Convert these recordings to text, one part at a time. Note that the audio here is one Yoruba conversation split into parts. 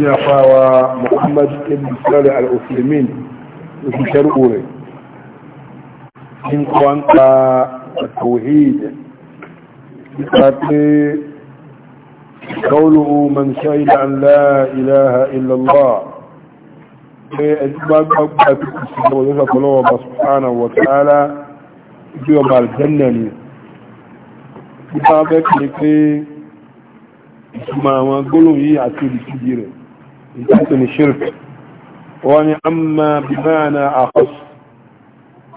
يقاوى محمد بن صالح الأسلمين وفي شرعوري من انت التوحيد قوله من شهد أن لا إله إلا الله أجباب أبقى ويسف الله سبحانه وتعالى يجيب الجنة يتابع لكي ìtumọ̀ àwọn gbólóhùn yìí àti ìdájọ́ ní shirk wọ́n ni a máa bí máa na àkọ́s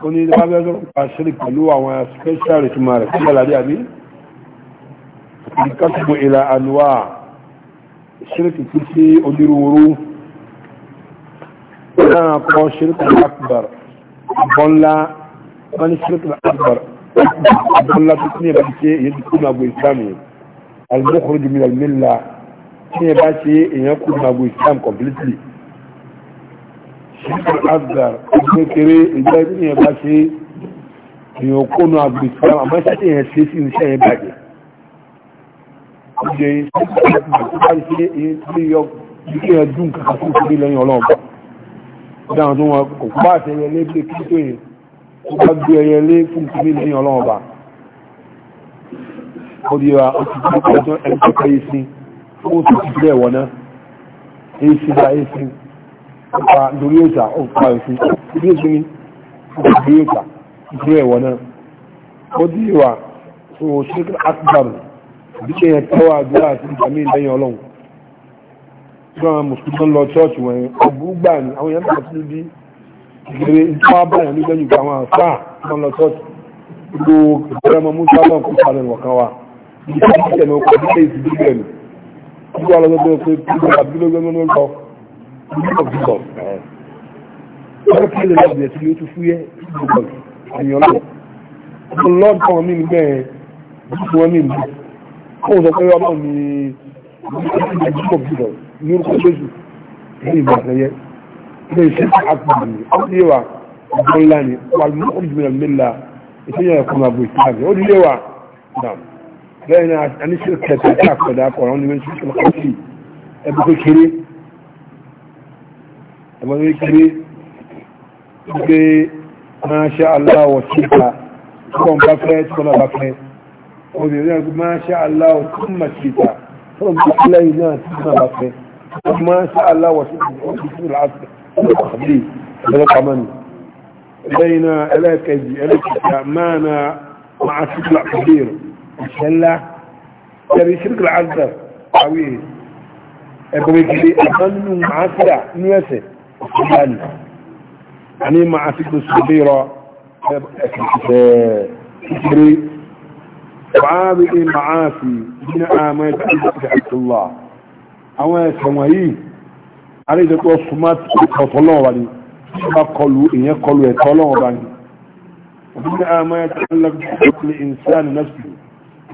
ó ní lábẹ́rẹ́ pa shirk pẹ̀lú àwọn special ìtumà rẹ̀ fún balade àbí ìkásùgbò ìlà ànúwà shirk kí sí onírúurú náà kọ́ shirk akbar abọ́nlá wọ́n ni shirk tí ẹ bá ṣe èèyàn kú mago islam completely ṣíkà asgar ọdún kéré ìjọ tí ẹ bá ṣe èèyàn kó nu agbo islam àmọ́ ṣe èèyàn ṣe sí iṣẹ́ yẹn bàjẹ́ ọjọ́ yìí ṣe èyí tí yọ kí ẹ dùn kàkà fún ìṣẹ́lẹ̀ lẹ́yìn ọlọ́ọ̀bà dáhùn tó wọn kò sí ó tó ti bẹ́ẹ̀ wọ́n náà èyí sí bá èyí sí ọ̀pá lórí òjà ọ̀pá òsì ibi èsì ni ọ̀pá lórí òjà ìbúrẹ́ ẹ̀wọ̀n náà ó dí ìwà tó ṣíkà akbar bí kí ẹ̀ tẹ́wà àdúrà àti ìjàmí ìlẹ́yìn ọlọ́run tí wọ́n mùsùlùmí lọ chọ́ọ̀chì wọ̀nyẹn ọgbúgbà ni àwọn èèyàn náà tún bí ìgbèrè ìjọba báyà ní lẹ́yìn àwọn àfáà tí wọ́n lọ chọ́ọ̀chì gbogbo ìgbèrè ọmọ mú sábà kó padà wọ̀kan wa ìgbèrè ìjọba gbogbo alọ́gbẹ́gbẹ́ pé gbogbo àbílógbẹ́gbẹ́ lọ gbogbo gbogbo ọ̀rọ̀ kí lè lọ bẹ̀rẹ̀ tí yóò tún fúyẹ́ gbogbo àyàn lọ mo lọ́dọ̀ wọn nínú bẹ́ẹ̀ gbogbo wọn nínú kó o sọ pé ọlọ́run ni gbogbo gbogbo ní orúkọ jésù ní ìgbà àtẹyẹ ilé iṣẹ́ àpàdé ọdún yẹwà ọdún ńlá ni wà ní ọdún jùmọ̀ nílá ìṣẹ́yìn ẹ̀kọ́ máa bọ̀ ìsìlámù ọdún yẹwà náà bẹ́ẹ̀ ni a ní sí kẹta tí àkọ́dá kọ̀ọ̀rọ̀ ní wọ́n ti sọ kọ́ sí ẹbí tó kéré ẹbí tó kéré wípé máa ṣe aláwọ̀ síta kọ́ bá fẹ́ tọ́lá bá fẹ́ obìnrin náà máa ṣe aláwọ̀ tó mà síta tọ́lá bá fẹ́ lẹ́yìn náà tí bá fẹ́ máa ṣe aláwọ̀ síta wọ́n ti sọ láti ọ̀sẹ̀ ẹ̀lẹ́kọ̀ọ́ mọ́ni lẹ́yìn náà ẹlẹ́kẹ̀ẹ́jì ẹlẹ́kẹ̀ẹ́jì máa na máa ṣe ẹ̀ṣẹ̀ ńlá tẹ̀lé ṣírkì àzà àwí ẹ̀kọ́ méjìlé àmọ́ nínú màásíà nínú ẹ̀ṣẹ̀ ọ̀ṣẹ̀ ńlá ni àní màásí tó sì lè rọ ẹ̀ṣẹ̀ kékeré báàbí ní màásí nínú àmọ́ ẹ̀ṣẹ̀ àtúlá àwọn ẹ̀ṣẹ̀ wọ̀nyí àríjẹ́kọ́ smart ọ̀tọ̀lọ́wà ni bá kọlu ìyẹn kọlu ẹ̀tọ́lọ́wà ni ومن ما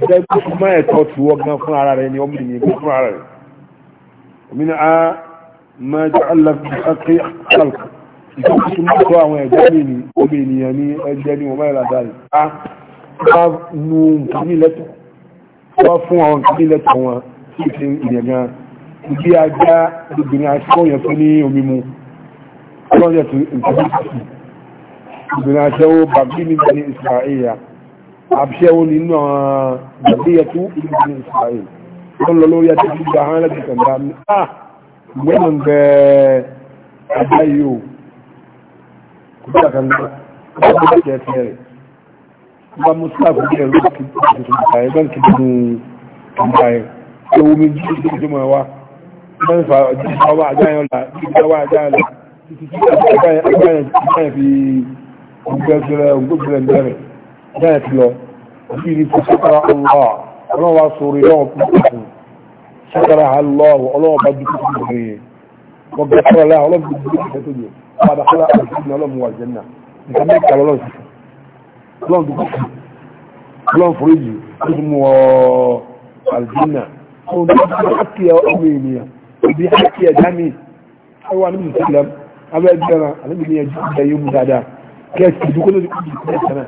jẹ́ kó má ẹ̀tọ́ tù wọ́ gan fún ara rẹ̀ ni ọmọ ènìyàn gan fún ara rẹ̀ òmìnira a máa jẹ́ aláfíàkì àkàlùkù ìtọ́kù tó máa tọ́ àwọn ẹ̀jẹ̀ mi ni ọmọ ènìyàn ní ẹ̀jẹ̀ ni wọ́n máa yàrá dáre a bá nu nǹkan ní lẹ́tọ̀ wá fún àwọn nǹkan ní lẹ́tọ̀ wọn sí ìṣe ìyẹn gan ibi ajá obìnrin aṣọ́yàn fún ní omi mu ọlọ́yẹ̀ tó nǹkan ní ìṣe obìnrin aṣẹ́wó bàbí mi ní ìṣàìyà àbíṣẹ́wó nínú àwọn ìgbàgbéyàtú ìlú Israel wọ́n lọ lórí àti gbígbà àwọn alájì kàndà ní à gbẹ́nà ń bẹ ẹ̀dá yìí o kò bí àkàndà wọ́n bá jẹ́ ẹ̀fẹ́ rẹ̀ bá mú sáàfù bí ẹ̀rọ kìtìkìtìkà ẹ̀ bẹ́ẹ̀ kìtìkìtì kàndà ẹ̀ tó wumi jí ìdí ìdí mọ̀ wá bẹ́ẹ̀ fà ọjọ́ ìgbàwà àjáyọ̀ là ìgbàwà àjáyọ̀ là títí tí àjáyọ̀ fi gbẹ́gbẹ́rẹ̀ bẹ́ẹ̀ ti lọ òbí ni kò ṣẹ́kara ọlọ́ ọlọ́wà sórí lọ́wọ́ púpọ̀ ṣẹ́kara ọlọ́wọ́ ọlọ́wọ́ bá dúkú tó gbé yẹn wọ́n bẹ fọ́ra láà ọlọ́wọ́ bí dúkú tó gbé padà fọ́ra àjẹ́nà ọlọ́mù wà jẹ́nà nǹkan mẹ́ta lọ́lọ́ sí ọlọ́wọ́ dúkú sí ọlọ́wọ́ foríjì ó sì mú àjẹ́nà ó ní àkíyà abẹ́ ẹgbẹ́ náà ní ẹjú ìgbà mú dáadáa kẹ́ẹ̀kì dúkú lórí kúrò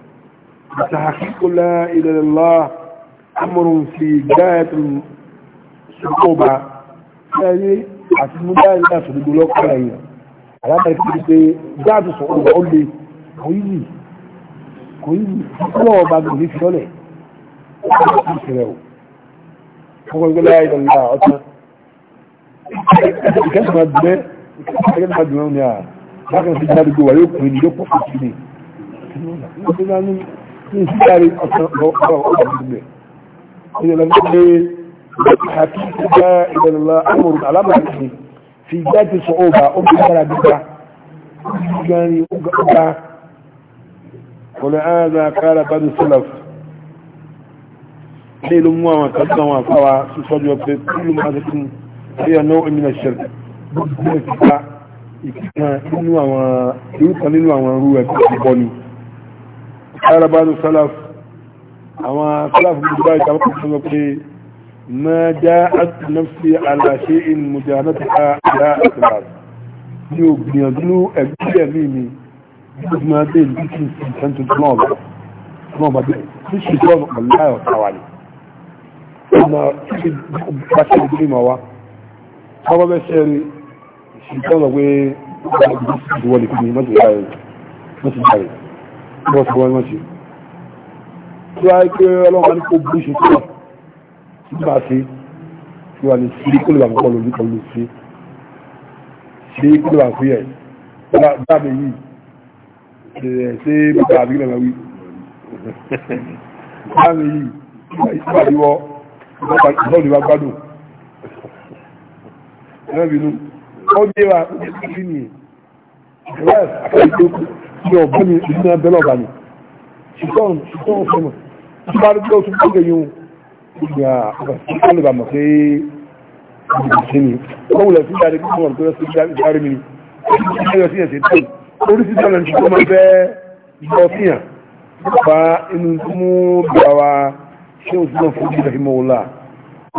تحقيق لا إله إلا الله أمر في غاية الصعوبة يعني àtìmú báyìí náà tó gbogbo lọ́kọ̀ọ́ ẹ̀yàn alábẹ̀rẹ̀ kí pé gáàdù sọ̀rọ̀ ọ̀rọ̀ ó lè kò yìí kò yìí ọlọ́ ọba gbò ní fiọ́lẹ̀ ọjọ́ ìṣẹ̀lẹ̀ o ọkọ̀ ìgbé láyé ìdọ̀lá ọ̀tán ìkẹ́sìmá dùnmẹ́ ìkẹ́sìmá dùnmẹ́ ní à bákan sí jáde gbogbo wà yóò kùnrin ní yóò pọ̀ fún sí ni ìsìkárí ọ̀sán ọ̀gbọ̀n ìgbẹ̀ ìyẹ̀lẹ̀ pé àkíkí bá ìdẹ̀lọ́lá amòrò alámàkì fi jáde sọ ọba omi sára gbígbá gani ọgbà wọlé ààrẹ kára bá ní sílẹ̀f ní ìlú mú àwọn kan náà wọn fáwa sísọ́jọ́ pé kúlù máa ti kún sí ẹ̀nà òmìnira ṣẹlẹ̀ gbogbo ìkìkan nínú àwọn قال بعض السلف أما سلف من دبي تبقى في ما جاءت نفسي على شيء مجانتها لا أسرار yóò gbìyànjú ẹgbẹ́ mi mi yóò fi máa dé ìlú kí n sì sẹ́ńtù tó náà bọ̀ tó náà bàbá tí sì tó ọ̀nà pẹ̀lú láyọ̀ táwa ni ọmọ bọ́ọ̀sì wọ́n wọ́n ṣe tí wáyé pé ọlọ́wọ́ ní kó bú ṣe tó nígbà tí tí wà ní sí kó lè wà púpọ̀ lórí kan ló sí sí kó lè wà fún yẹ dáàbì yìí ṣe bàbá ní ọ̀gbọ́n ní ìlú náà bẹ́lẹ̀ ọ̀gá ni ṣùgbọ́n ṣùgbọ́n fún mi tí bá rí bí ó tún bá gẹ̀ yóò ìgbà ọ̀gá sí ká lè bà mọ̀ pé ìgbà sí ni ó wùlẹ̀ sí ìdarí gbogbo ọ̀rọ̀ tó rẹ̀ sí ìdarí mi ni ó sì ń ṣe tán orí sí tọ́lẹ̀ ní ọmọ fẹ́ lọ fihàn fa inú mú bá wa ṣé o túnbọ̀ fún ìgbà ìmọ̀ ọ̀la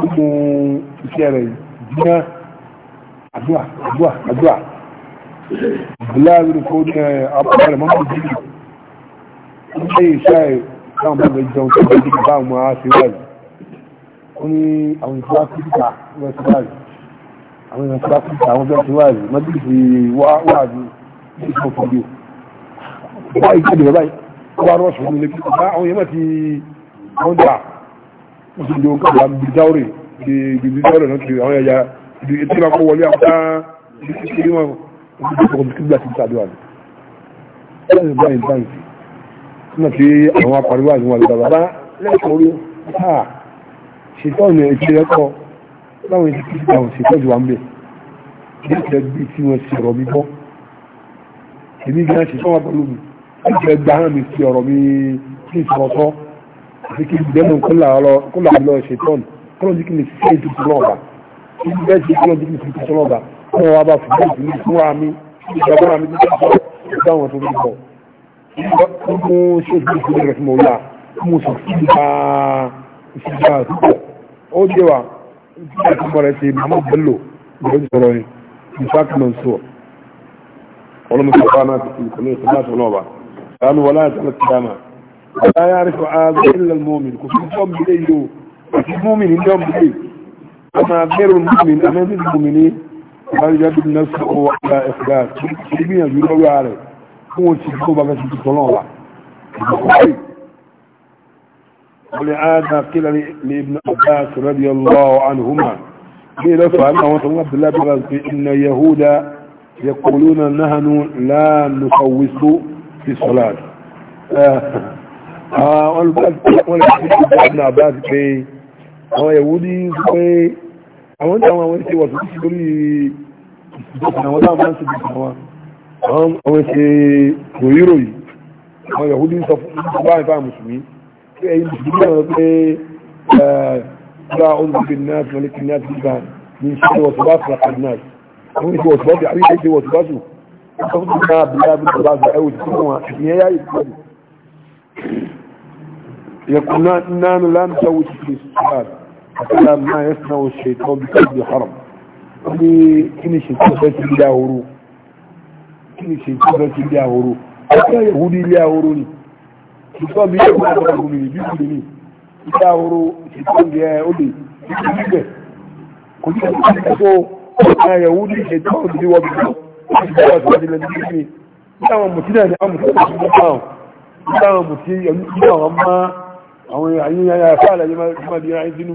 nínú iṣẹ́ rẹ̀ jìnnà àdúrà àdúrà àdúrà láàrin kó ní àpapàrẹ̀ mọ́ sí jíì ilé iṣẹ́ náà mọ́ lè jẹun tó gbẹ́jì bá àwọn aṣíwájú ó ní àwọn ìfẹ́ áfíríkà wẹ́síwájú àwọn ìfẹ́ áfíríkà àwọn wẹ́síwájú mọ́jú sí wáàjú ní ìṣọ́ fòdí o wá ìjẹ́bẹ̀ rẹ̀ báyìí wá rọ́ọ̀ṣù wọn lè bá àwọn yẹn mẹ́tì wọ́n dà ó sì jẹun kọ́ ìgbìdí jáwèrè ìgbìdí jáwèrè náà kiri àwọn ẹ̀yà ìgbìdí tí wọ́n kọ́ wọlé àwọn ìgbésọ̀kọ̀ bí kíbla ti ń sàdúrà ní ẹ̀rọ báyìí báńkì nígbà tí àwọn apariwo àti wọn àlùbà bàbá lẹ́kọ̀ọ́ orí ha ṣètò ọ̀nà ètò ẹ̀kọ́ láwọn ètò tí àwọn ṣètò ìwà ń bẹ̀ bí ìtẹ́ bí tí wọ́n ṣe ọ̀rọ̀ mi bọ́ èmi gan ṣètò wọn pẹ̀lú mi láti ẹgbà hàn mi sí ọ̀rọ̀ mi kí n sọ̀rọ̀ sọ́ àti kí n dẹ́nu kó là lọ ṣètò ọ̀nà kọ́lọ́ wọ́n wá bá fún ìlú fún àmì ìjọba àmì títà sọ ìdáwọn tó rí bọ̀ mú ṣéjú ìṣẹ́lẹ̀ rẹ̀ mọ̀ yá mú sọ ìgbà ìṣẹ́jà àtúkọ̀ ó jẹ́ wà nígbà tí mo rẹ̀ ṣe màmá bello ìjọba ti sọ̀rọ̀ ni ìṣàkì mọ̀ sọ ọlọ́mọdé bá náà ti kò ní ìṣẹ́lẹ̀ àti ọlọ́ọ̀bà sánú wọlá àti alẹ́kìdámà ọ̀la yà rí fún ààbẹ̀ ilẹ̀ mọ́mìn kò fún jọ́ mìíràn yìí o àti mọ́mìn ní jọ́ mìíràn báyọ̀ bí nẹ́sì owó ọ̀gá ẹ̀fẹ̀dá tí gbìyànjú lórí ààrẹ fún òun ti kó bá fẹ́ tuntun tọ́lọ́ wa ìgbàkúrì wọlé àádá kílẹ̀ lè ibn abbas radiyallahu anhuma ní ìlọ́fà ní àwọn tọ́lá bí lábẹ́rẹ́ sí iná yahuda ya kòló na náhanu láàánú kọwíso sí sọ́lád àwọn olùbá wọlé àti ibn abbas pé àwọn àwọn tí àwọn àwọn ṣe wọ̀tí sí lórí àwọn tí àwọn ṣe dìbò àwọn àwọn ṣe ròyìnrò yìí àwọn yahudi sọ fún bá ìfà mùsùlùmí pé ẹ̀yin mùsùlùmí náà pé ọ̀dà olùgbé náà fi mọ̀lẹ́kì náà fi gbà ní ṣe wọ̀tí bá fún àkàdì náà àwọn ìṣe wọ̀tí bá fi àríyá ìṣe wọ̀tí bá tù sọ fún mi náà bìlá bí bàbá àgbà ẹwù tí wọn ìyẹn yá ìpàdé àtàlà máa yẹ́ sinà òṣè tó bí káàbì haram wọ́n ní kí ni ṣe tó fẹ́ ti ilé ahoro kí ni ṣe tó fẹ́ ti ilé ahoro ọjọ́ ìyẹ̀wò ní ilé ahoro ni ìtọ́ mi yóò máa tọ́ka gómìnà bí kò lè ní ilé ahoro ìtọ́ mi ẹ̀ ó lè ní bíbẹ̀ kò ní ẹ̀ka tó ọ̀gá ìyẹ̀wò ní ìṣe tó ní wọ́n bí wọ́n ti bá wà síwájú lẹ́nu bí kí ni àwọn mùtí náà ni àwọn mùtí náà ti mú àwọn mùtí àwọn máa àwọn àyíyá yára fáàlà yẹn di ara ẹ̀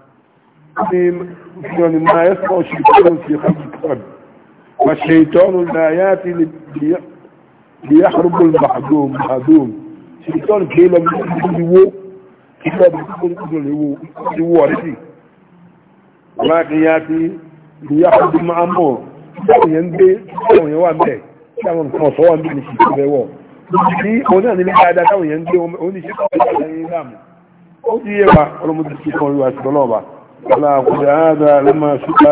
مما يسمع الشيطان في خلق القلب والشيطان لا ياتي ليحرب المحدوم محدوم الشيطان كي لم يكن كي لم يكن يو رسي ولكن ياتي ليحرب المعمور ينبي يوم يوم بي يوم كنصوان بي نشيطان بيوم ní òun náà nílé dáadáa táwọn èèyàn ń gbé oníṣẹ́ tó ń bá ẹ̀yìn láàmú ó ti yé wa ọlọ́mọdé ti kọ́ orí wa sí على قد هذا لما سئل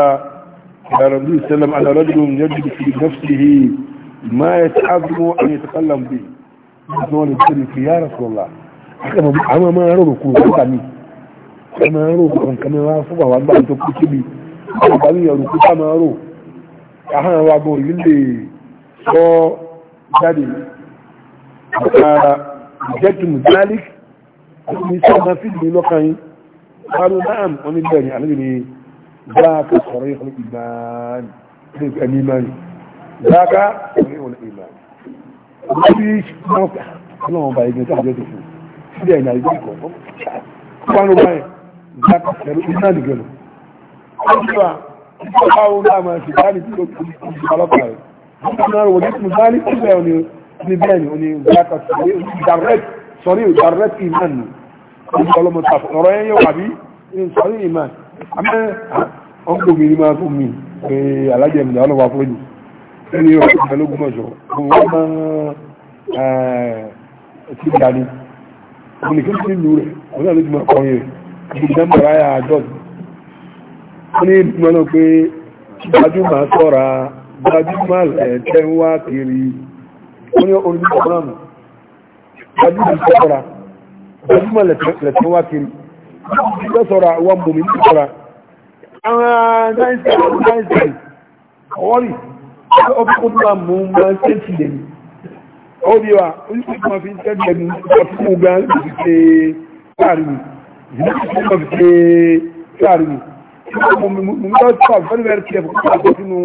يا ربي سلم على رجل يجد في نفسه ما يتعظم أن يتكلم به نقول لك يا رسول الله أما ما أرودكم كتامي أما أرودكم كما أرفضها وأنبع أن تكون كبي أبالي أرودكم كما أرود أحنا وعبوا يلي صو جدي وجدتم ذلك أمي سأما في الملوكين قالوا نعم ومن ذلك يعني بني ذاك صريح الإيمان ذلك الإيمان ذاك صريح الإيمان وفيش موقع اللهم بايد نتاح جاتي شو سيدي أنا يجيكم قالوا بايد ذاك صريح الإيمان قالوا قالوا قالوا لا ما في ذلك خلاص هاي أنا وجدت ذلك كذا يعني نبيني وني ذاك صريح جرت صريح جرت إيمانه ọlọ́mọ tàfọ ọ̀rọ̀ yẹn yóò wà bí sọ́rí ìmọ̀ amẹ́ ọkọ̀ mi ni máa fún mi pé alájẹ mi làwọn wà fún mi ẹni yóò fún mi lógún mọ̀ṣọ́ òun wọ́n máa ti dà ní communication nílùú rẹ̀ òun náà ló ti máa kọrin rẹ̀ ibi dámbàrá ní ìgbìmọ̀ pé gbajúmọ̀ sọ́ra gbajúmọ̀ kiri wọ́n ní orin náà gbajúmọ̀ gbajúmọ̀ lẹ̀tẹ̀ wá kiri ló sọ̀rọ̀ àwọn bòmí ní sọ̀rọ̀ àwọn náìsì náìsì ọwọ́rì ọkùnkùnlá mú máa ṣe ti lè ní ó bí wa oníṣẹ́kùnmọ́ fi ṣe ti lè ní ọtúnkù gan láti ṣe láàrin ìdílé ìṣẹ́ lọ fi ṣe láàrin mo mú lọ sí àwọn very very careful kí wọ́n sínú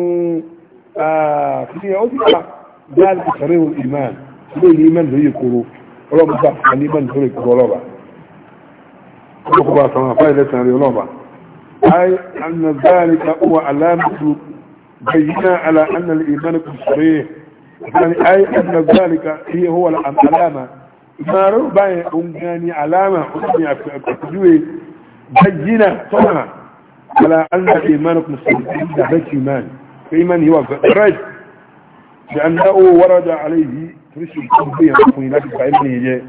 kí ó sì ká dáàbò sọ̀rọ̀ ìmáà lóyìn ìmáà lóyìn kóró ولو مصاب علي بن فريق بولوبا وقبا سما فايدة سنة يولوبا أي أن ذلك هو علامة بينا على أن الإيمان كسريح يعني أي أن ذلك هي هو العلامة ما ربع أمجاني علامة حسني أكتجوي بينا صنع على أن الايمان صحيح إذا إيمان هو فرج لأنه ورد عليه تريد تنبيه من لك فإني جاء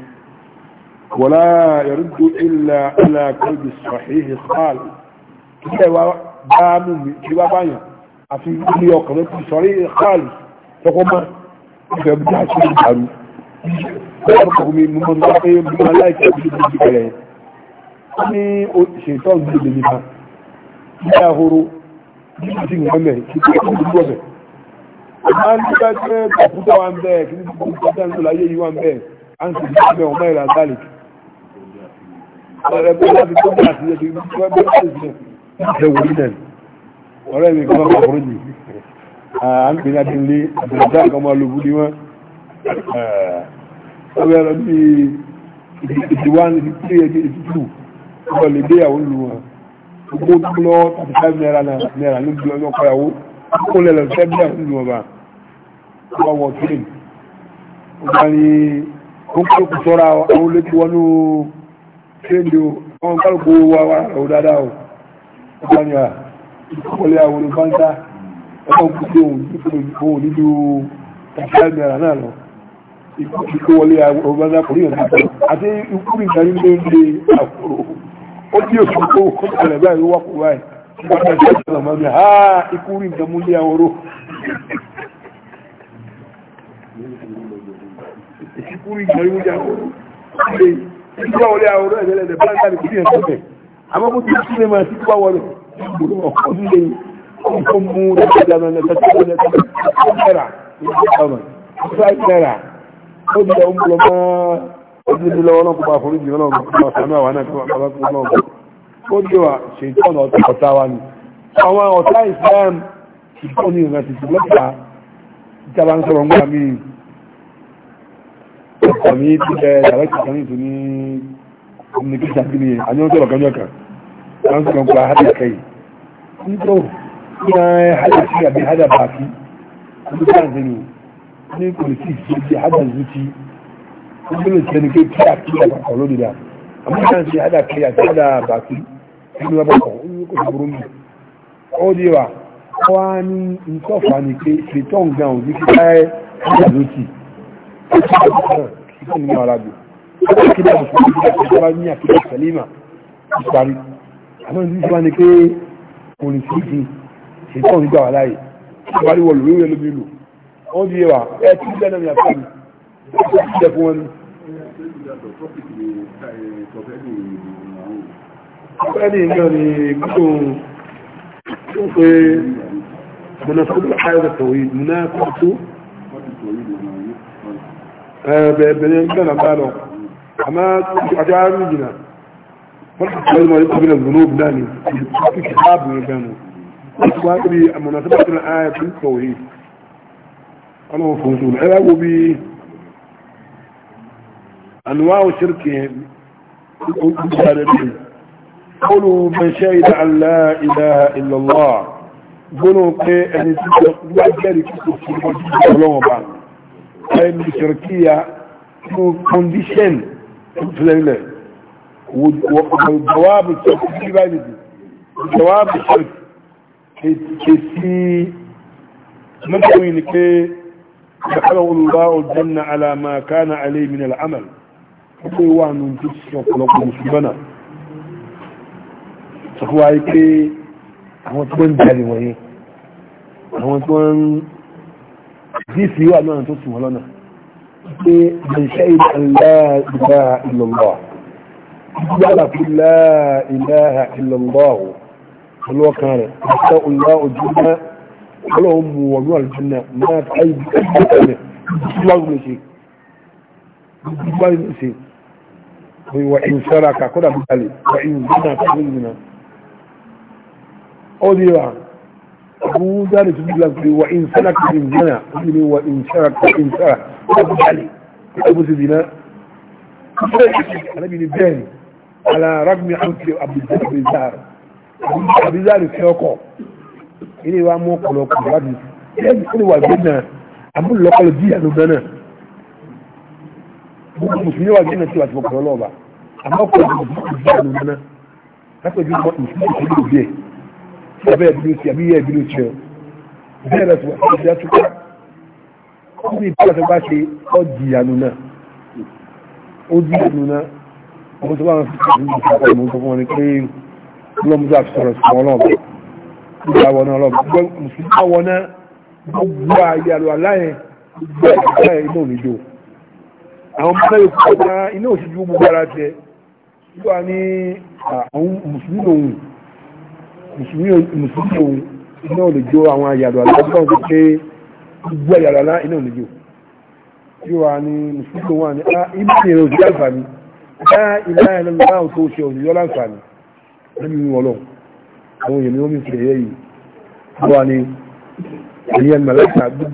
ولا يرد إلا على قلب الصحيح قال كيوا دامو كيوا بانيا أفي يو قلب الصحيح قال فقوما فبدأ شيء دارو فأرقهم من من رقيم بما لا يكتب بذلك ni ṣètọ́ ìgbèdè nípa ìyá ahoro ní ìsìn ìgbẹ́mẹ̀ ìgbẹ́mẹ̀ máa ń dúpẹ́ pé kọ̀pútà wa ń bẹ́ẹ̀ kí ní kọ̀pútà ń lò láyé yìí wa ń bẹ́ẹ̀ á ń sì bí ọmọ ọmọ ìlà garlic ọ̀rẹ́ pé láti tó bí àti ẹ̀kí wọ́n bẹ́ẹ̀ ṣe ṣe ṣe wòlí nẹ̀ ọ̀rẹ́ mi kan kọ̀ fún yìí à ń pè ní adínlé àbẹ̀dá kan máa lo búdí wọn ọbẹ̀ lọ bí ìdí wá ní tí ẹ̀kí ìdí tù ọbẹ̀ lè gbéyàwó lu wọn gbogbo lọ 35 náírà náírà ní ìlú ọlọ́kọ̀ yàwó kó lẹ̀ lọ sẹ́bíà nínú ọba ọwọ́ tílé ọgbà ní kókòrò sọ́ra àwọn olóògbé wọnú tíléǹdì àwọn kálùkù wà wà rọ̀ dáadáa o ọgbà ní à ìkọlẹ̀ àwọn olùbáńtà ọgbọ̀n kúkú ohun nílùú ìfẹ́ mẹ́ra náà lọ ikú wọlé àwọn olùbáńtà kò rí ọ̀nà àti ikú nìkan ní ló ń lé àkúrò ó bí òṣù kó kọ́kànlẹ̀ báyìí wọ́pọ̀ báyìí wọ́n fún ìgbà ìwú jáde ṣe ìgbà wọlé àwòrán ẹ̀rẹ́ ẹ̀rẹ́ báńkà ní kúrò ẹ̀sọ́fẹ̀ àmọ́ kó tí ó sílẹ̀ máa ti gbà wọlé ọkọ̀ ń sọ̀rọ̀ ń gbà míì àmì tí ẹ dàrẹ́kì kan nìtò ní communication kí ni àní wọ́n sọ̀rọ̀ kanjọ́ kan wọ́n sọ̀rọ̀ nípa hádà kẹyì nítò ní hádà sí àbí hádà bàákí ní káàkiri ni ní politics tó di hádà zuti ó gbọ́dọ̀ sí ẹni pé kí a kí a kọ̀ lóde dà àmì káàkiri hádà kẹyì àti hádà bàákí nínú ẹbọ̀ kọ̀ ó ní kò sí burú mi ó di wa wá ní nítọ́fà ni pé ṣètọ́ nǹkan òdì kíkà ẹ̀ hádà zuti ìfẹ́ mi ní ara gbò akídà mùsùlùmí ti dàgbà ìjọba ní akídà sẹlẹ́mà ìparí àmọ́ ìdí ìjọba ni pé kò lè sí ìdí ṣètò nígbà wà láàyè ìparí wọ lórí rẹ lómi lò ó di ẹwà ẹ ti ń dáná mi àti mi ó ti jẹ fún wọn ni. ọ̀pẹ́ni náà ni kúrò ó pe mọ̀nàfọ́dún àyọ̀kọ̀ ìdùnnà kọ́tù بين لنا بالهم أما أجعل مجنا فالحسن ما يقبل الذنوب لاني في كتاب يجانو وهذه مناسبة الآية في التوحيد أنا وفوزون علاقوا ب أنواع الشرك قولوا من شهد أن لا إله إلا الله قولوا أن يتبقى وعجالي كتب في الله ẹni ṣìrìkíyà fún kọndíṣẹ́n ìfìlẹ̀lẹ̀ wọ́wọ́bù tẹ́kùnlẹ́bàlìdì wọ́wọ́bù ṣìrìkí mọ́kànlẹ̀ ni pé ṣàkàrà olùbá ọjọ́nà alamaka na alẹ́mìn al'amal akwai wa nun tó ṣọ̀pọ̀lọpọ̀ musulmana sọfọ́wá yí pé àwọn tó ń jẹ́ àwọn tó ń dí sí wà náà tó sì wọ́n lọ́nà من شيء أن لا إله إلا الله يعرف لا إله إلا الله هل كان أستاء الله الجنة ولهم وجوع الجنة ما تعيب أجنة الله شيء الله شيء وإن شرك كنا بذلك وإن زنا فإن زنا أو ديوان abu jari su dila kuri wa in salaka in zina su ne wa in sharaka in shara abu jari abu su zina anabi ni bẹ́ẹ̀ ni ala ragmi an fi abu jari zara abu jari fi ọkọ ilé wa mú ọkọlọ kù láti ilé ìfúnni wà gbé náà abu lọkọlọ bí ìyànú gánà gbogbo mùsùlùmí wà gbé náà tí wà ti fọkọlọ lọ́ọ̀bà àmọ́ ọkọlọ bí ìyànú gánà lápẹjù mọ ìfúnni ìfúnni ìfúnni ẹ̀bẹ̀ ẹ̀bí ló ti ẹ̀bí yẹ ẹ̀bí ló ti ọ̀ bẹ́ẹ̀ lọ sí wọ́n ti dẹ́tú ká ó ní ìbára tó bá ṣe ọ́ jìyànù náà ó jìyànù náà ọmọ tó bá wọn fi ṣàkóso ìgbà pọ̀ ìmọ̀ tó fún wọn ni pé lọ́mọdé àti sọ̀rọ̀ sí wọn náà ìgbà wọn náà lọ́mọ gbọ́ mùsùlùmí wọn náà gbogbo ayé àlọ́ aláyẹn gbogbo ayé iná ò ní jò àwọn mọ́tò yóò kọ́ iná òṣèlú gbogbo ara tiẹ̀ wọ́n ní àwọn mùsùlùmí lòun mùsùlùmí òun iná ò lè jó àwọn àyàdọ̀ aláàbọ̀ tó pé gbogbo àyàdọ̀ alá iná ò lè jó tí wà ní mùsùlùmí òun wà ní a ibi ní èrò sí àǹfààní bá ilá ẹ̀rọ láwọn tó ṣe òṣèlú láǹfààní lẹ́nu ìwọ̀n lọ àwọn èèyàn ló ń fi ẹ̀yẹ yìí tó wà ní ẹ̀yẹ mẹ́lẹ́ta tó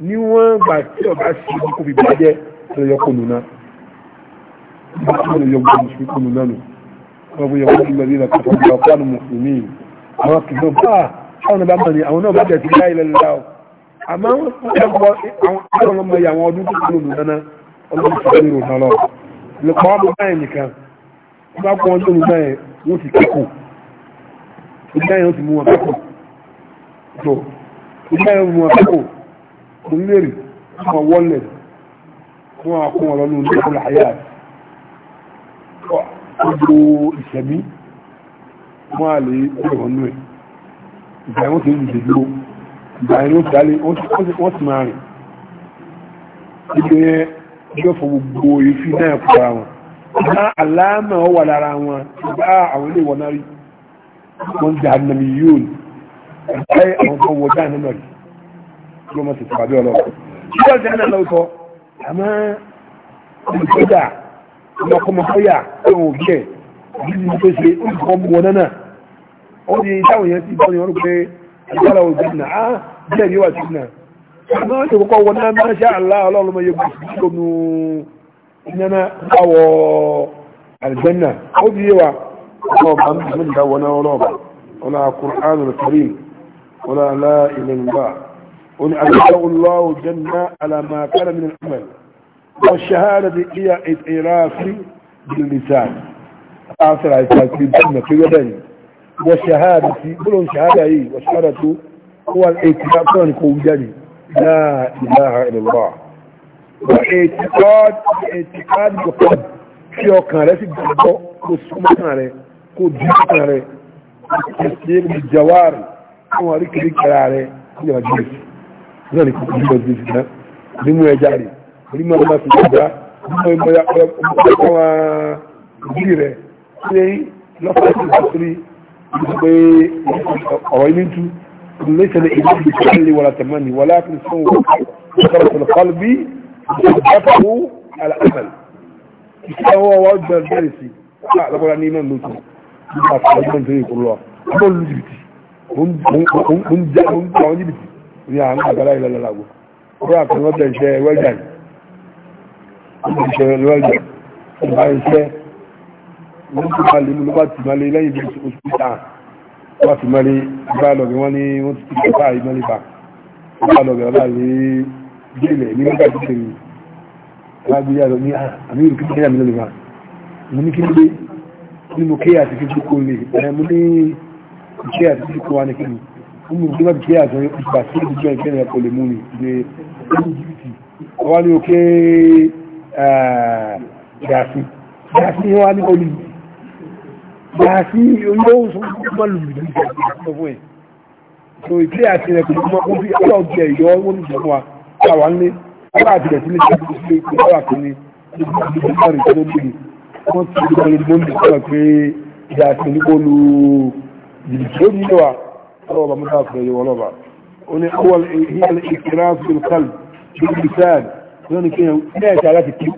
níwọ̀n gbà tí ọ̀gá sí ibi kò fi bàjẹ́ lọ́yọ́ kò lùnà lọ́yọ́ gbà mùsùlùmí kò lùnà nù ọgbọ̀n yọ̀ wọ́n lọ́dí ìlà kàfà ìgbà kó ànú mùsùlùmí àwọn kìlọ̀ bá àwọn ọba mọ̀ ní àwọn náà bá jẹ́ ti láì lẹ́lẹ́lá o àmọ́ ẹgbọ́ àwọn ọlọ́mọ yà àwọn ọdún tó kúrò lùnà ọlọ́mọ tó kúrò lùnà lọ lọ́pọ̀ àwọn ọmọ báyìí nìkan wọ́n bá kọ́ ọjọ́ lùnà báyìí wọ́n ti kẹ́kọ̀ọ́ ìgbà yẹn wọ́n ti mú wọn kẹ́kọ̀ọ́ ọkùnrin lè rí ọmọ wọlé wọn a kún ọ̀rọ̀ lónìí ọkùnrin àyà ọjọ́ ìṣẹ̀mí wọn a lè kúrò ọ̀nú ẹ̀ ìgbà wọn ti ń dìde dúró ìgbà yẹn ló dálé wọ́n sì máa rìn ìgbà yẹn yóò fọ gbogbo ìfi náà kú ara wọn ìgbà àlámà ọwà lára wọn ìgbà àwọn ilé ìwọ̀n wọ́n dà nàmì yóò ní ẹ̀ka ló mọ̀ sí pàdé ọlọ́run ṣùgbọ́n ìjẹ́ náà lọ́wọ́ sọ àmọ́ olùkọ́jà ọmọkọmọkọ́yà ẹ̀wọ̀n òbí ẹ̀ òbí ni tó ṣe olùkọ́ mú wọn náà ó di táwọn yẹn ti bọ́ ni wọ́n rò pé àgbàlá òbí náà á ah, bẹ́ẹ̀ ni ó wà sí náà àmọ́ ó ti kọ́kọ́ wọn náà máa ṣá àlá ọlọ́run mọ̀ yẹ kù sí lónú iná náà báwọ̀ àlùjànnà ó di yé wa ọlọ́ọ̀bá ń bí mẹ́ta wọn náà ọlọ́ọ̀bá ọlọ́ قل أدخل الله الجنة على ما كان من العمل والشهادة هي إعراف باللسان آخر عيسى في الجنة في يدين والشهادة قلهم شهادة هي والشهادة هو الاعتراف القوجاني لا إله إلا الله واعتقاد اعتقاد بقلب في وكالة الجنة والسمكة والجنة والتسليم بالجوار ومالك ذكر عليه كل مجلس náà ní kókò nígbà tó ti dá onímú ẹja rè onímú ọmọ fi dá onímú ọmọ ya ọmọ wa òbí rẹ ṣé lọ́pàá ti sọ sórí pé ọ̀rọ̀ yìí tú ليس لإله بكل ولا تمني ولكن سوى كثرة القلب وصدقه على أمل هو وجه الدرس لا لقد أني من نوتو بس أجمل فريق الله أقول لجبتي هم هم هم هم جبتي ní àwọn àgbàlá ìlọ́lọ́lágbò ọ̀rọ̀ àkànlọ́ tẹ̀ṣẹ́ wẹ́gbà ní ìṣẹ̀lẹ̀ wẹ́gbà ìbá iṣẹ́ wọ́n ti máa lè mú lọ́bá ti máa lè lẹ́yìn bí oṣù títà wọ́n ti máa lè bá lọ́bẹ̀ wọ́n ní wọ́n ti ti bá ìmọ̀ nípa bá lọ́bẹ̀ ọ̀la lè délẹ̀ ní mẹ́ta ti tẹ̀lé alágbèyà lọ ní ah, àmì nínú tí wọ́n ti ṣe àjọ ìgbà sí ìdíjọ́ ìkẹ́rin ẹ̀kọ́ lè mú mi ṣe lgbt wọ́n ní òkè gàásì gàásì wọ́n ní olú gàásì olóhùn sọ fún lùlù ní ìjọba fún ẹ̀ so ìpínlẹ̀ àti ẹ̀kọ́ lè mọ́ fún bí ọlọ́ọ̀gbẹ̀ ìyọ́ wọn ní طلبة مدافعة ولوبة أول إيه، هي الإكراف بالقلب باللسان يعني كنا لا تعالات الكيو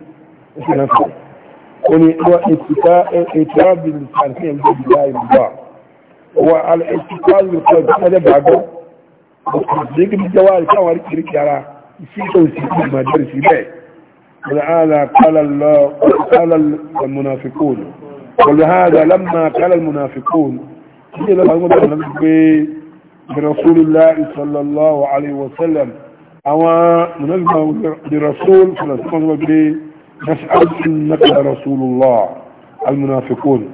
إيش نفعل وني هو إكراف باللسان كنا نقول لا إله هو الإكراف بالقلب هذا بعده وكذلك بالجوال كان وريك ريك يرى يسيك ويسيك ما درس إليه ولعالى قال الله قال المنافقون ولهذا لما قال المنافقون هي لما قال المنافقون برسول الله صلى الله عليه وسلم أما منظمة برسول صلى الله عليه وسلم نسأل إنك رسول الله المنافقون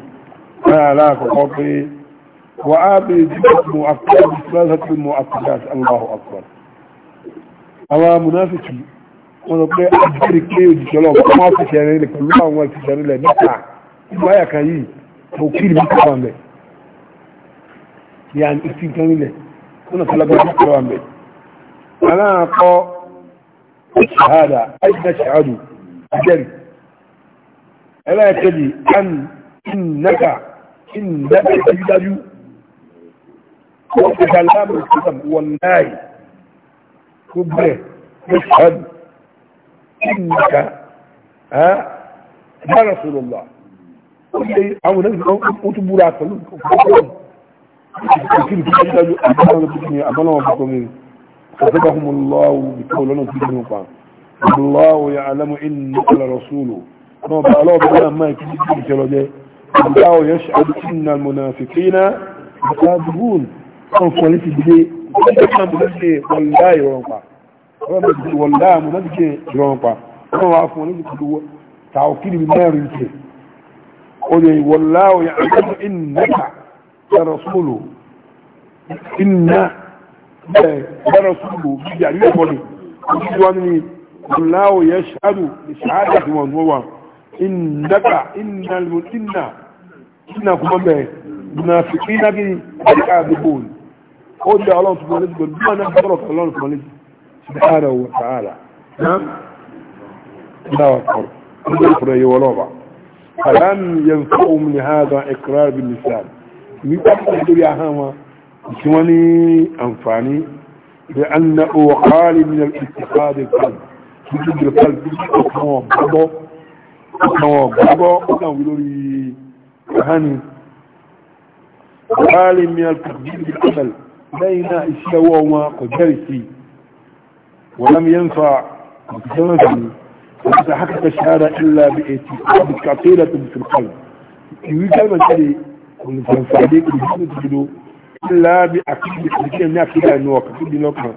ما لك فقطي وآبي جبت مؤكد ثلاثة المؤكدات الله أكبر أما منافقين wọ́n pẹ́ àjírí pé òjìṣẹ́ lọ wọ́n fi ṣẹ̀rẹ̀ ilẹ̀ pẹ̀lú àwọn ìṣẹ̀rẹ̀ ilẹ̀ ما ìgbáyà kan yìí tó يعني ní pípa من الثلاثة القرآن بي أنا أقول هذا أي نشعر أجل ألا يكدي أن إنك إن لك تجدد وكلام الكلام والله كبه يشهد إنك ها يا رسول الله أو نزل أو تبولا فلوك ìkíni tó dájú dájú àbálọ́wọ́ tó kíni àbálọ́wọ́ tó kọ́ni فصدقهم الله بقولنا في جنوبا الله يعلم إنك لرسول ما بالله بلا ما يكذب جلده الله يشهد إن المنافقين مكاذبون كان فوليت دي كان بلدي والله يرونقا والله منافقين يرونقا كان عفوا لك توكيل بما يرنك قل والله يعلم إنك ya rasulu inna ya rasulu bi jari ya boni ojú wa ni láwọ yẹ ṣáàdù ní ṣáàdà tí wọ́n wọ́n wà ìnàkà ìnà ìnà kuma bẹ̀ na fi kí náà kí ní àdúgbò ó jẹ́ ọlọ́run tó mọ́lẹ́sì gbọ́n yẹn fọ́ òun ni hàdà ikrar bin nisan ní pápá lórí ahọ́n wọn tí wọ́n ní àǹfààní bí a na owó káàrí ní ìtìkáàdì kan títí jẹ́ kan ọkàn wọn gbọ́ ọkàn wọn gbọ́ ọkàn wọn lórí ahọ́n káàrí ní ìtìkáàdì kan lẹ́yìn náà iṣẹ́ ọwọ́ wọn kò jẹ́rìí sí wọ́n lámi yẹn fa àkùsọ́nà sí وتتحقق الشهادة إلا باعتقاد كثيرة في القلب. يقول كلمة كده olùfàǹfààní ìdíjú ìdúró láàbí àkíyèsí ìdíjú ní àkíyà inú ọkà tó dín ọkàn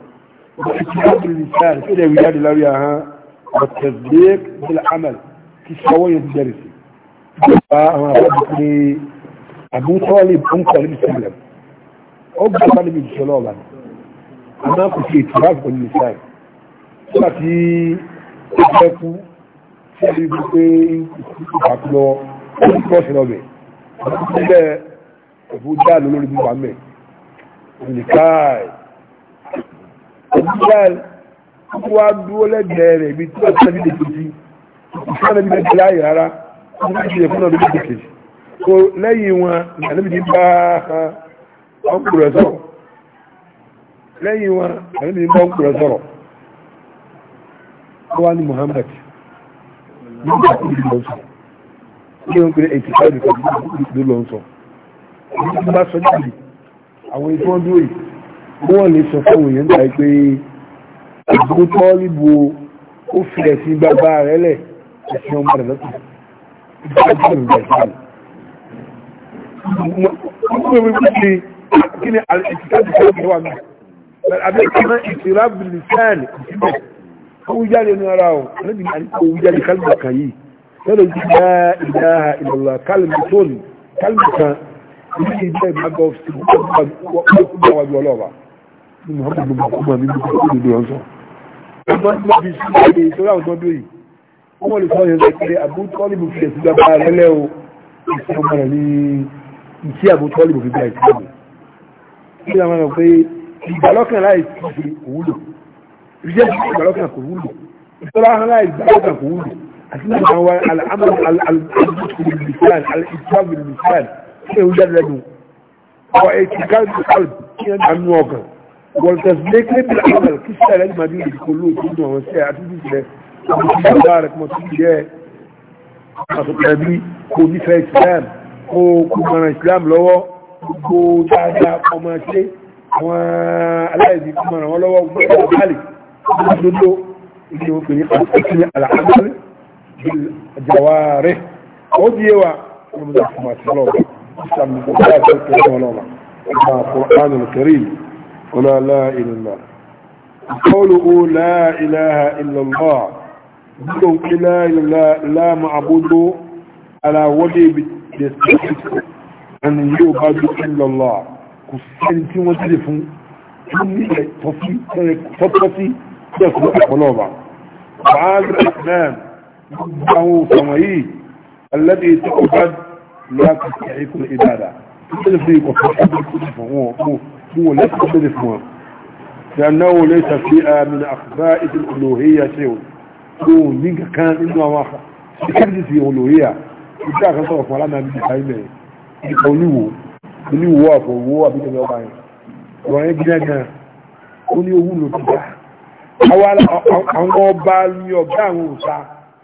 ìdíjú lábí lìsá ìfẹ́lẹ̀ wíyá di lárí ahán ọ̀tẹ̀dẹ́k bílá amal kí sọ́wọ́ yẹn ti jẹ́rìí sí ìjọba àwọn àbájú pé àbúntọ́lì ń kọ́ níbi sílẹ̀ ó gbọ́ bá níbi ìṣẹ́ lọ́ọ̀bà àmọ́ kò sí ètò láti pẹ̀lú lìsá nígbà tí ó fẹ́ kú sí ẹ̀rí wípé ìkàkùn níbẹ̀ ẹ̀bù jáàlì olórí bíbá mẹ́ nìkáì ẹ̀bù jáàlì kókó wá dúró lẹ́gbẹ̀ẹ́ rẹ̀ ibi tí wọ́n ti lẹ́bi ní bá ọkùnrin sọ̀rọ̀ sọ̀rọ̀ kí wọ́n pèrè eighty five because ló lọ sọ èyí tí wọ́n bá sọ jáde àwọn èyí tí wọ́n dúró yìí wọ́n lè sọ fún òyìn nípa pé àdúgbò tọ́lìbò ó fi ẹ̀sìn bàbá rẹ̀ lẹ̀ ẹ̀sìn ọmọ rẹ̀ lọ́tọ̀ ìgbàgbọ́ ìgbà ìgbàlẹ̀. Wọ́n mú mi ṣe kí ni ìtìkájú kan tó wà náà. Àbí ìkànnà ìtìlábìlì sáàlì ìtìbẹ̀. Ó wújáde ní ara ọ̀, àníbi àníkò wújáde kálùbà kan yìí tẹ́lẹ̀ yìí dá ìdá ìlọ̀lá kálùmùtón kálùmùtán ilé ìjẹ́ ìgbàgbọ́ ọ̀fíìsì ọlọ́ọ̀bà ní muhammadu bakuma ní bukukú lódò ọ̀sán wọ́n ti wá fi sí ilé ìṣòro àwọn ọdún yìí wọ́n wọ́n lè sọ yẹn lẹ́kẹ̀rẹ́ àbútọ́lìbù fi ẹ̀sùn gbàgbà rẹ̀ lẹ́ o ìṣẹ́ ọmọ rẹ̀ ní ìṣẹ́ àbútọ́lìbù fi gba ìṣẹ́ mi kí ni àwọn ọmọ pé ìgbàlọ́kàn láì ṣe òwúlò ìṣẹ́ ìgbàlọ́kàn kò wúlò ìṣọ́lá láì ìgbàlọ́kàn kò wúlò الإسلام هو العمل الصدق باللسان الإتقان باللسان كيف يجرد واعتقاد القلب كيف عن واقع والتصديق بالعمل كيف سأل المدينة كله كله وساعة تجد له مبارك مصير àtòkẹ́bí kò nífẹ́ islam kó kùmọ̀ràn islam lọ́wọ́ gbogbo dáadáa ọmọ ṣe àwọn aláìsí kùmọ̀ràn wọn lọ́wọ́ gbogbo àbálì gbogbo ìdí òkèrè àti ìpínlẹ̀ àlàáfíà بالجوارح وديوا المذكرات الأولى أحسن المذكرات الأولى القرآن الكريم هنا لا إله إلا الله قوله لا إله إلا الله بدون إله إلا الله لا معبود على وجه بالتحقيق أن يعبد إلا الله كسين في تلفون كل تفصي تفصي تفصي تفصي وعاد الإسلام gbogbo àwọn yìí alẹ́dẹ̀ tí kò bá láti ṣàríkù ìbádà tí ó lè fi ìkọ̀kọ̀ ṣàbẹ̀kùnrin fún wọn fún wọn lẹ́kọ̀ọ́ bẹ̀rẹ̀ fún wọn ìdánáwò lè ṣàfi àmì àkùbá ìdí olóhíyà ṣe ò tó ní kankan nínú àwọn ìkẹ́rìsì olóhíyà ìjọ àkan sọ̀rọ̀ fún aláàmì ìgbà ilẹ̀ ìkọ̀ olúwo olúwo àfọwó àbíkẹ́lẹ́ ọba yẹn ọ̀rọ̀ yẹn gíná gan ó ní owó lòdì dá àwọn ọba ní ọba àwọn òṣà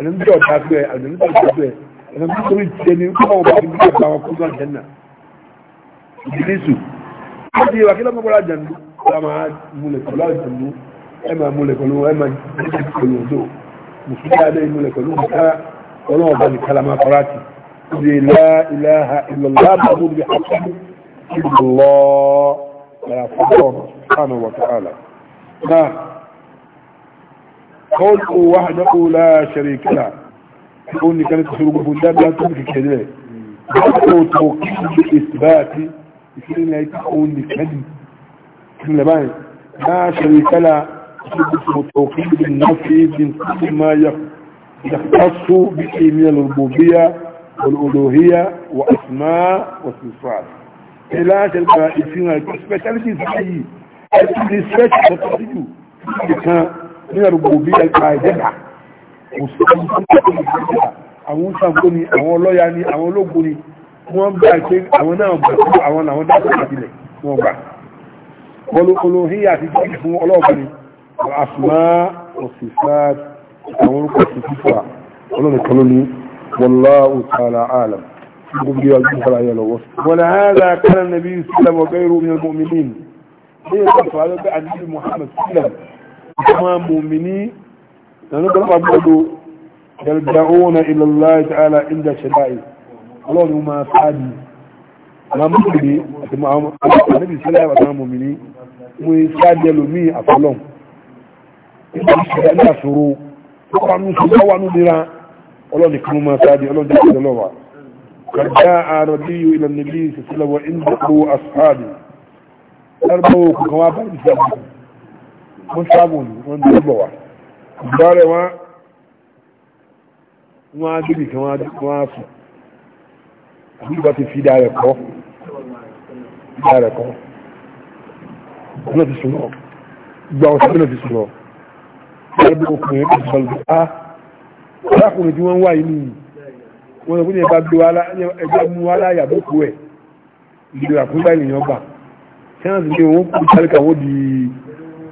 ẹni bí ọ̀dà bẹ́ẹ̀ ẹni bí ọ̀dà bẹ́ẹ̀ ẹni bí sọ́rí tiẹ̀ ní kọ́ ọ̀bà ní bí ọ̀dà wọn kó náà jẹ́nà ìdílésù ó di ìwà kí lọ́mọ bọ́lá jẹ̀nu ẹ máa múlẹ̀ pẹ̀lú àjẹ̀nu ẹ máa múlẹ̀ pẹ̀lú ẹ máa múlẹ̀ pẹ̀lú odò mùsùlùmí adé múlẹ̀ pẹ̀lú nìkan ọlọ́wọ́ bá nìkan la máa fara ti ó di ilá ilá ha ìlọ́lá bá mú bi hakú ìlọ́ ọ̀rọ̀ àfọ́jọ́ ọ̀nà sùpánù wọ̀tá àlà náà قوله وحده لا شريك له يقول لي كانت شروق البلدان لا تملك كذلك بدأوا توقيت بالإثبات يقول يكون تقول لي كذب كل ما لا شريك له يقول التوقيت بالنفي من كل ما يختص به من الربوبية والألوهية وأسماء وصفات لا شريك له يقول لي سبيشاليتي زي السبيشاليتي تتعلم ní ẹ̀rùgbòbí ẹ̀ka ìdẹ́dà àwọn sàgbó ni àwọn ọlọ́ya ni àwọn ológo ni wọ́n gbà pé àwọn náà gbà fún àwọn àwọn dákọ̀ àtìlẹ̀ wọ́n gbà olóhíyà àti jẹ́ fún ọlọ́ọ̀gbìn àfùmá òsìsá àwọn orúkọ sí fífà ọlọ́nìkan kánà nàbí sílẹ̀ wọ́gẹ́rù mi mọ́mìnín ní ẹ̀kọ́ fàálọ́gbẹ́ àdìsí Muhammad sílẹ̀ kuma mumini da nukar abubuwa yarja'una ila Allah ta'ala inda shada'i Ọlọ́run ma sáàdì alámọ́kìdé àti ma'amọ́kìdé sílẹ̀ àtàwọn mọ̀mìnì mú sáàdì ẹlòmí àfọlọ́n nígbà ìṣẹ̀lẹ̀ ní àṣòro wọ́n nù sọ́jọ́ wà nùdíra Ọlọ́run kan ma sáàdì Ọlọ́run jẹ́ ìjọlọ́wà kàjá àrọ̀díyò ilẹ̀ nílé ìṣẹ̀sílẹ̀ wọ́n sáàbù wọ́n dúró bọ̀ wá ìgbàrẹ̀ wọ́n wọ́n á débì kí wọ́n á sùn àbúgbà ti fi ìdá rẹ̀ kọ́ ìdá rẹ̀ kọ́ ọ̀nà ti sùn náà gba ọ̀sẹ̀ náà ti sùn náà wọ́n bí ọkùnrin kò sọ lọ á arákùnrin tí wọ́n wà yìí nìyí wọ́n lọ fún ẹgbà gbé wa ẹgbà mú wa láyà bó kú ẹ̀ ìdìbò àkúgbà ènìyàn gbà tí wọ́n sì ní òun kú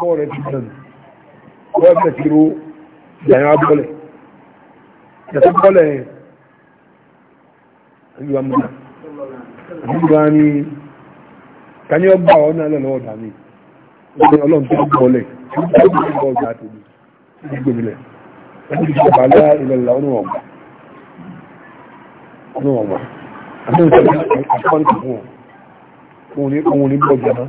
bọ́ọ̀ rẹ̀ ti dànù ọwọ́ ẹ̀fẹ̀ ti ro ìyàyà bọ́ọ̀lẹ̀ ìyàtọ̀ bọ́ọ̀lẹ̀ ìlú amúnà àdúgbà ni kanyẹ ọgbà ọ náà lẹ́nu ọ̀dà mi ọgbà ọlọ́run tó bọ́ọ̀lẹ̀ tí ó bá bọ́ọ̀ gbà tó mi ti gbèmí ní bọ́ọ̀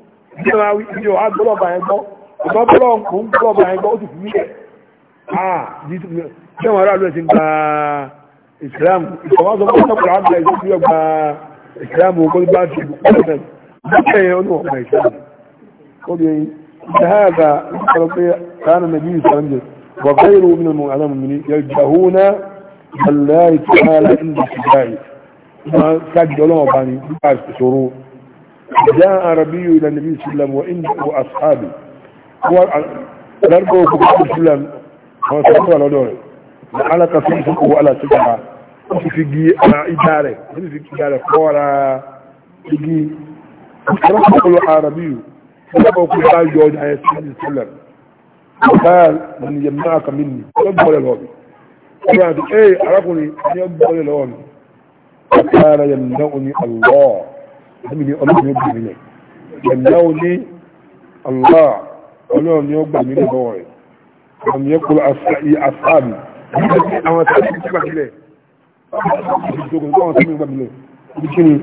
ìdí ọ̀rọ̀ ìdí ọ̀rọ̀ agbọ́lọ́bà ẹ̀ gbọ́ ọ̀gbọ́n bọ́lọ̀ ń kún bọ́lọ̀bà ah gba جاء عربي إلى النبي صلى الله عليه وسلم وإن وأصحابه لربوا في صلى الله عليه وسلم وصلوا على دوري وعلى تصنفه وعلى سجعة في إدارة في إدارة فورا في ربوا عربي ربوا كل حال جوج عليه صلى الله عليه وسلم قال من يمنعك مني ربوا للهوبي قالت ايه عرفني يبقى للهوبي قال يمنعني الله ẹ̀mí ni ọlọ́run ni ó gbà nílẹ̀ ẹ̀mí ó ní ọlọ́ ọlọ́run ni ó gbà nílẹ̀ lọ́wọ́ rẹ̀ ọmọ yẹn kó asáàmì àwọn tàbí ti gbà nílẹ̀ àwọn tàbí ti gbà nílẹ̀ ibi kí ni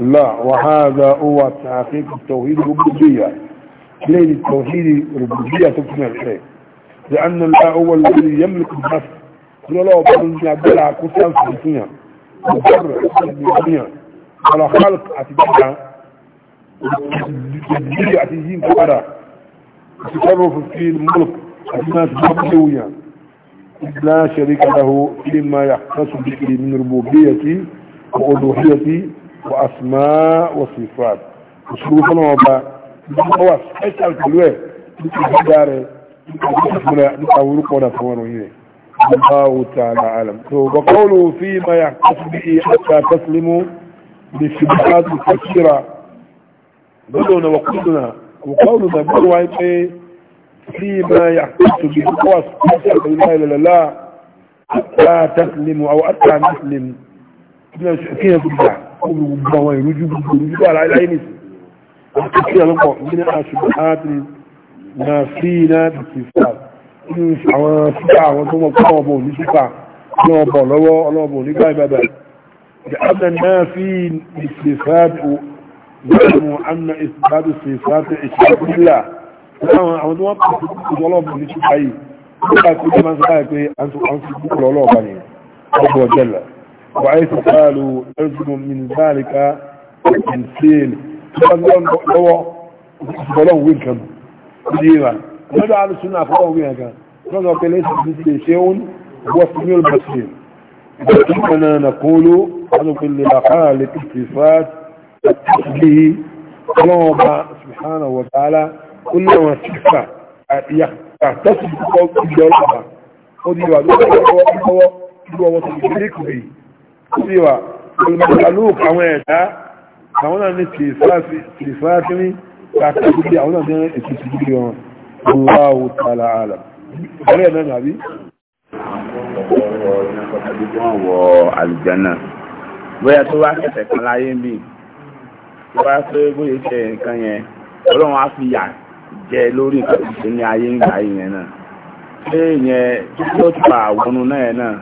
Allah wa hadha huwa tahqiq tawhid rububiyyah ليه التوحيد ربوبية تكون الحياة لأن الله هو الذي يملك النفس كل الله بأن يعبد على كل سنة في الدنيا وبر الدنيا على خلق أتجاه التدبير أتجين كبرى التصرف في الملك الناس بقوية لا شريك له لما يختص به من ربوبية وألوهية وأسماء وصفات وصلوا صلى الله عليه وسلم أسأل كل وين دار الله تعالى أعلم وقوله فيما يختص به حتى تسلموا بالشبهات الكثيرة بدنا وقلنا وقولنا بروع فيما يحدث به واسف لا لا لا حتى تسلم او حتى نسلم فيها تبدع قولوا بالله يرجو يرجو على العين كثيرا من الشبهات نافينا بالكفار إن شاء الله سبحانه وتعالى وضم القوم ونشفع الله بولوا الله بابا لأن الناس في الصفات ظلموا أن إثبات الصفات إشراك بالله àwọn wọn kò fún ìjọlọ́bù ní ṣíkà yìí nígbà tí wọ́n máa ń sáyẹ̀ pé a ń fi búkú lọ lọ́ọ̀bá ni ọgbọ̀ jẹ́lẹ̀ wà á sì sáàlù ẹ̀rùsùn mìnìbáríkà ìsìn tí wọ́n lọ́wọ́ ìfọlọ́wọ́ wí nǹkan ní ìrà lọ́dọ̀ àlùsùn àfọwọ́ wí nǹkan lọ́dọ̀ pẹ̀lẹ́ sì ti ṣe ń wọ́n sí ní olùbọ̀sìn وإننا نقول خلق للخالق الصفات به الله سبحانه وتعالى كل ما صفة يحتسب قول الجرحة قدوا قدوا قدوا وتشرك به قدوا والمخلوق عوانتا عوانا نتفات صفاتني تعتقد عوانا نتفات الله تعالى عالم علينا نبي wọ́n wọ àlùjánà bóyá tó bá ṣẹ̀ṣẹ̀ kan láyé ń bì tó bá pé bóyá ṣe nǹkan yẹn ọlọ́run á fi yà jẹ lórí nǹkan tó ṣe ní ayé ń gbà yẹn náà ṣé ìyẹn tí ó ti pa àwọnú náà náà.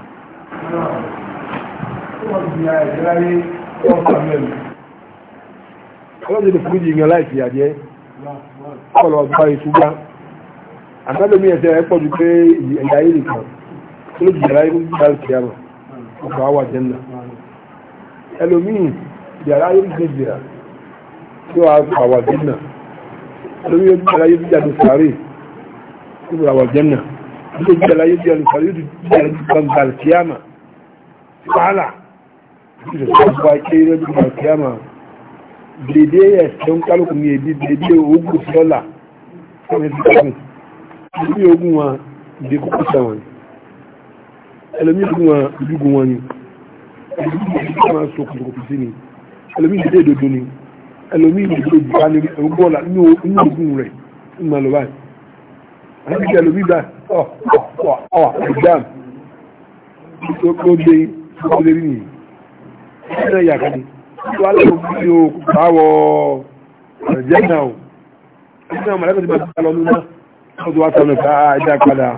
ọlọ́run ti fún yìnyín láì fìyà jẹ kọ́ lọ́ọ́ bá ìtúgbà àtàlómi ẹ̀sẹ̀ ẹ̀ pọ̀ ju pé ìyá yìí nìkan ló jìyàrá irú jìyàrá kìyàmà ọkọ̀ àwà jẹ́nà ẹlòmíì jìyàrá irú jìyàrá tí wàá kọ̀ àwà jẹ́nà ẹlòmíì jìyàrá irú jìyàrá sàárè tí wàá wà jẹ́nà ilé jìyàrá irú jìyàrá sàárè yóò jìyàrá jìyàrá kìyàmà wàhálà ìṣẹ̀lẹ̀ sọ́gbà kéré jìyàrá kìyàmà dèdè ẹ̀sẹ̀ ń kálukú ní èdè dèdè ogun sọ́là fún ẹ̀sìn ogun wọn ìdíkùkù sẹ́wọ̀n yìí ẹlòmí ìdúgun wọn ni ẹlòmí máa so kùtùkùtù sí ni ẹlòmí ìdílé ìdodo ni ẹlòmí ìdílé ìgbà ni ẹ̀rù bọ́ọ̀lá nínú ogun rẹ̀ nínú àlọ́ báyìí àti ìdílé ẹlòmí gbà ọ̀ ọ̀ exam tó tó dé tó lé nìyí ẹ̀rọ yàgà ni tó alẹ́ òkú ni o bá wọ ẹ̀jẹ̀ náà o ẹ̀jẹ̀ náà mọ̀lẹ́kọ̀ọ́ ti máa ti sá lọ nínú náà tó wá sọ nípa ẹ̀jẹ̀ padà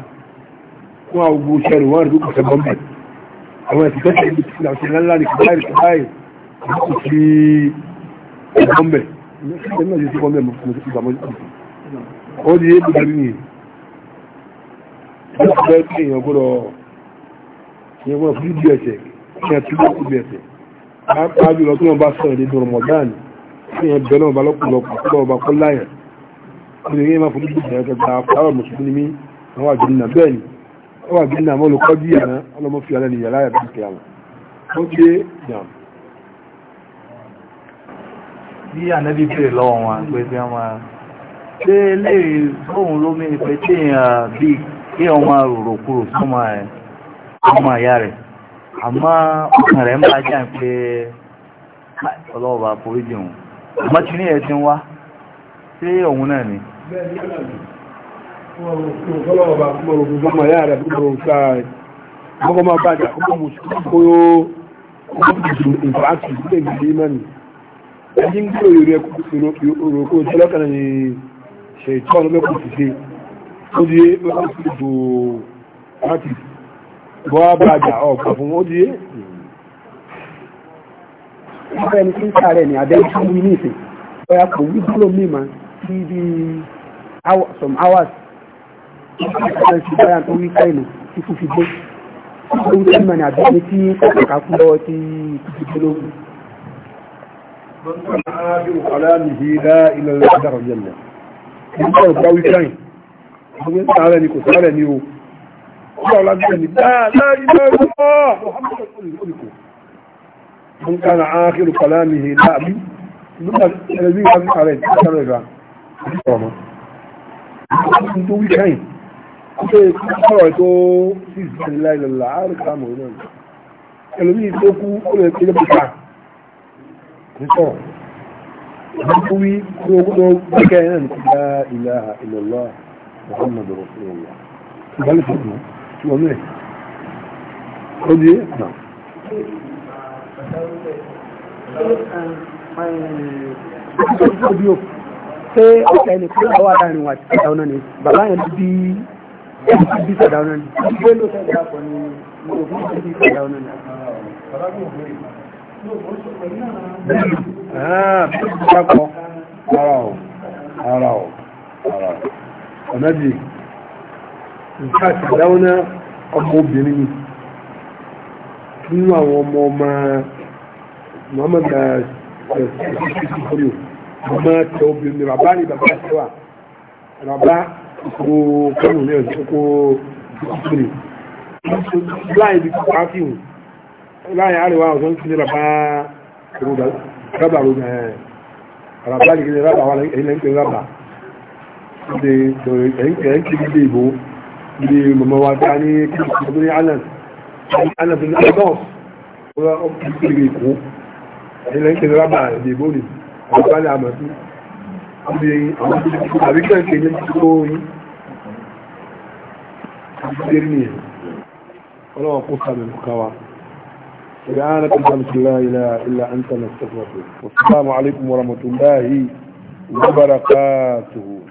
fún àwọn gbogbo ṣẹ́rù wọ́n rí kọ̀ọ̀sẹ̀ bọ́m̀bẹ̀ àwọn ẹ̀sìn tó ṣẹlẹ̀ tí àwọn ṣẹlẹ̀ ńlá ní kọ̀ọ̀sẹ̀ kọ̀ọ̀sẹ̀ kọ̀ọ̀sẹ̀ bọ́m̀bẹ̀ ṣẹlẹ̀ náà yóò sí bọ́m̀bẹ̀ mọ̀ sí ìgbà mọ́jú ó di ébi gari ni ó fẹ́ kí èèyàn gbọ́dọ̀ èèyàn gbọ́dọ̀ fún ibi ẹ̀sẹ̀ kí èèyàn tún lọ́kùn ibi ẹ̀sẹ̀ pàápàá jùlọ tí wọ́n bá sọ̀rọ̀ ní dọ̀rọ̀ mọ̀dáàni kí èèyàn bẹ̀rẹ̀ náà bá wà bí nàmọ́ olùkọ́ bí ọlọ́mọ fi alẹ́ nìyàrá yàrá kí àwọn ó ké yàm. bí ànábì bèrè lọ́wọ́ wọn pé wọ́n máa ṣé lè bóun pé tí èèyàn bíi kí wọ́n máa rò kúrò sọ́mọ ẹ̀ àmọ́ ọkàn rẹ̀ ń bá jà pé Ọlọ́ọ̀bá fún ọ̀rọ̀ gbogbo ọmọ yára bí ọ̀rọ̀ sáà rẹ̀. Ọkọ̀ máa bàjá, ọkọ̀ mọ̀ sí kóyó ọkọ̀ ìfàákì ilé ìgbìdì mẹ́rin. Ẹjí ń gbúrò ìrẹ́ òròkó tọ́lọ́kàn ni ṣe ìtọ́ ọlọ́mẹ́kù ti ṣe. Ó di ọkọ̀ ìbò láti bọ́ bàjá ọkọ̀ fún ó di é. Ọkọ̀ ẹni tí ń sáré ni àdẹ́jú ní ìsìn. Ọya kò wí dúró mímọ̀ sí bí some hours ìfẹ́ sí báyà tó wí káìlù tí fún fi gbé ohun tí mọ̀ ní àbílẹ̀ tí kàkà kú lọ́wọ́ tí fi gbé lóògùn. Ààbí kàlámì ṣe kọ́rọ̀ tó sí ìsinmi láìlọ́lá àríkà mọ̀ náà ẹlòmíì tó kú ó lè kéde kúrò àwọn adarin wà ti ọ̀nà ni bàbá yẹn bí bí sàdáwọn ní gbé ló fẹ́ dápọ̀ ní òfin tó bí sàdáwọn ní àpapọ̀ ara ọ̀ ara ọ̀ ara ọ̀nàbí nǹkan sàdáwọn ní ọmọ obìnrin ni nínú àwọn ọmọ ọmọ Muhammad ọmọ tẹ obìnrin bàbá ni bàbá tẹ wà bàbá kòkó kọ́nù náà kòkó kòkòrò láì bí kòkó áfíhùn láì àríwá ọ̀sán kí ní rabá rábà rògbà ẹ̀ àràbá ní kí ní rábà wà ẹ̀yìn lẹ́ńkì rábà ẹ̀yìnkì ilé ìbò ilé mọ̀mọ́ wa dá ní kí ní alan alan fi ní adọ́s ọkùnrin ìkó ẹ̀yìn lẹ́ńkì rábà ìdìbò ni àràbá ní àmọ̀ sí سبحانك اللهم لا اله الا انت نستغفرك والسلام عليكم ورحمه الله وبركاته